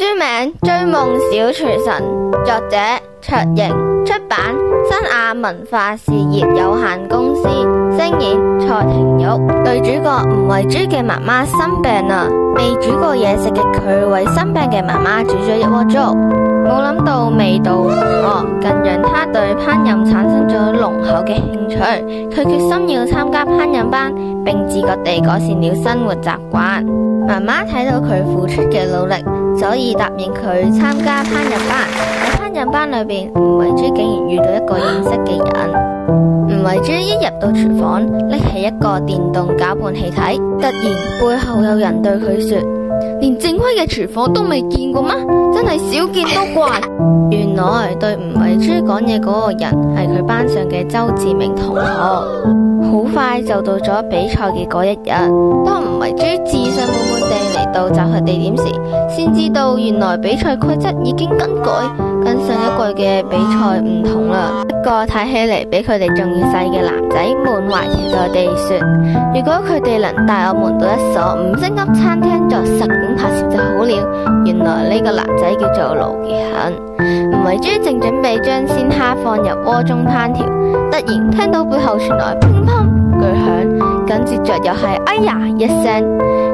書名《追夢小廚神》，作者卓瑩，出版新亞文化事業有限公司，聲演蔡婷玉。女主角吳慧珠嘅媽媽生病啦，未煮過嘢食嘅佢為生病嘅媽媽煮咗一鍋粥，冇諗到味道唔錯，更讓她對烹飪產生咗濃厚嘅興趣。佢決心要參加烹飪班，並自覺地改善了生活習慣。媽媽睇到佢付出嘅努力。所以答應佢參加烹飪班。喺烹飪班裏邊，吳慧珠竟然遇到一個認識嘅人。吳慧珠一入到廚房，拎起一個電動攪拌器睇，突然背後有人對佢說：連正規嘅廚房都未見過嗎？真係少見多怪。 原來對吳慧珠講嘢嗰個人係佢班上嘅周志明同學。好快就到咗比賽嘅嗰一日，當吳慧珠自信滿滿地嚟到集合地點時，先知道原來比賽規則已經更改，跟上一季嘅比賽唔同啦。一個睇起嚟比佢哋仲要細嘅男仔，滿懷期待地說：如果佢哋能帶我們到一所五星級餐廳做實景拍攝就好了。原來呢個男仔叫做盧杰恆。吳慧珠正準備將鮮蝦放入鍋中烹調，突然聽到背後傳來乒乓。巨響，緊接着着又係哎呀一聲，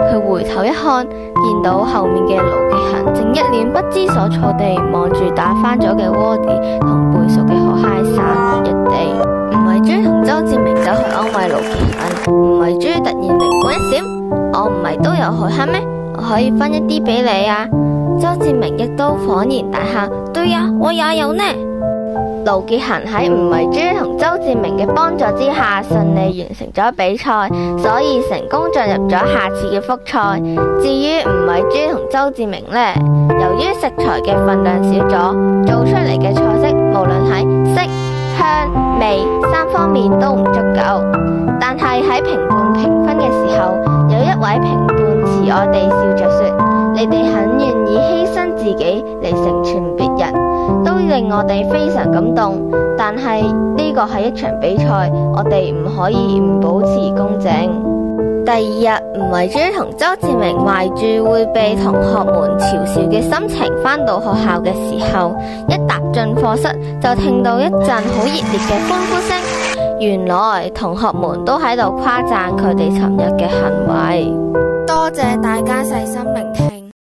佢回頭一看，見到後面嘅盧杰恒正一臉不知所措地望住打翻咗嘅窩點同背熟嘅海蟹散一地。吳慧珠同周志明走去安慰盧杰恒。吳慧珠突然靈光一閃，我唔係都有海蟹咩？我可以分一啲俾你啊！周志明亦都恍然大喊：「對呀，我也有呢。盧潔恆喺吳慧珠同周志明嘅幫助之下，順利完成咗比賽，所以成功進入咗下次嘅複賽。至於吳慧珠同周志明呢，由於食材嘅份量少咗，做出嚟嘅菜式無論喺色、香、味三方面都唔足夠。但係喺評判評分嘅時候，有一位評判持我哋笑着說。令我哋非常感動，但係呢、這個係一場比賽，我哋唔可以唔保持公正。第二日，吳慧珠同周志明懷住會被同學們嘲笑嘅心情翻到學校嘅時候，一踏進課室就聽到一陣好熱烈嘅歡呼聲。原來同學們都喺度誇讚佢哋尋日嘅行為。多謝大家細心聆聽。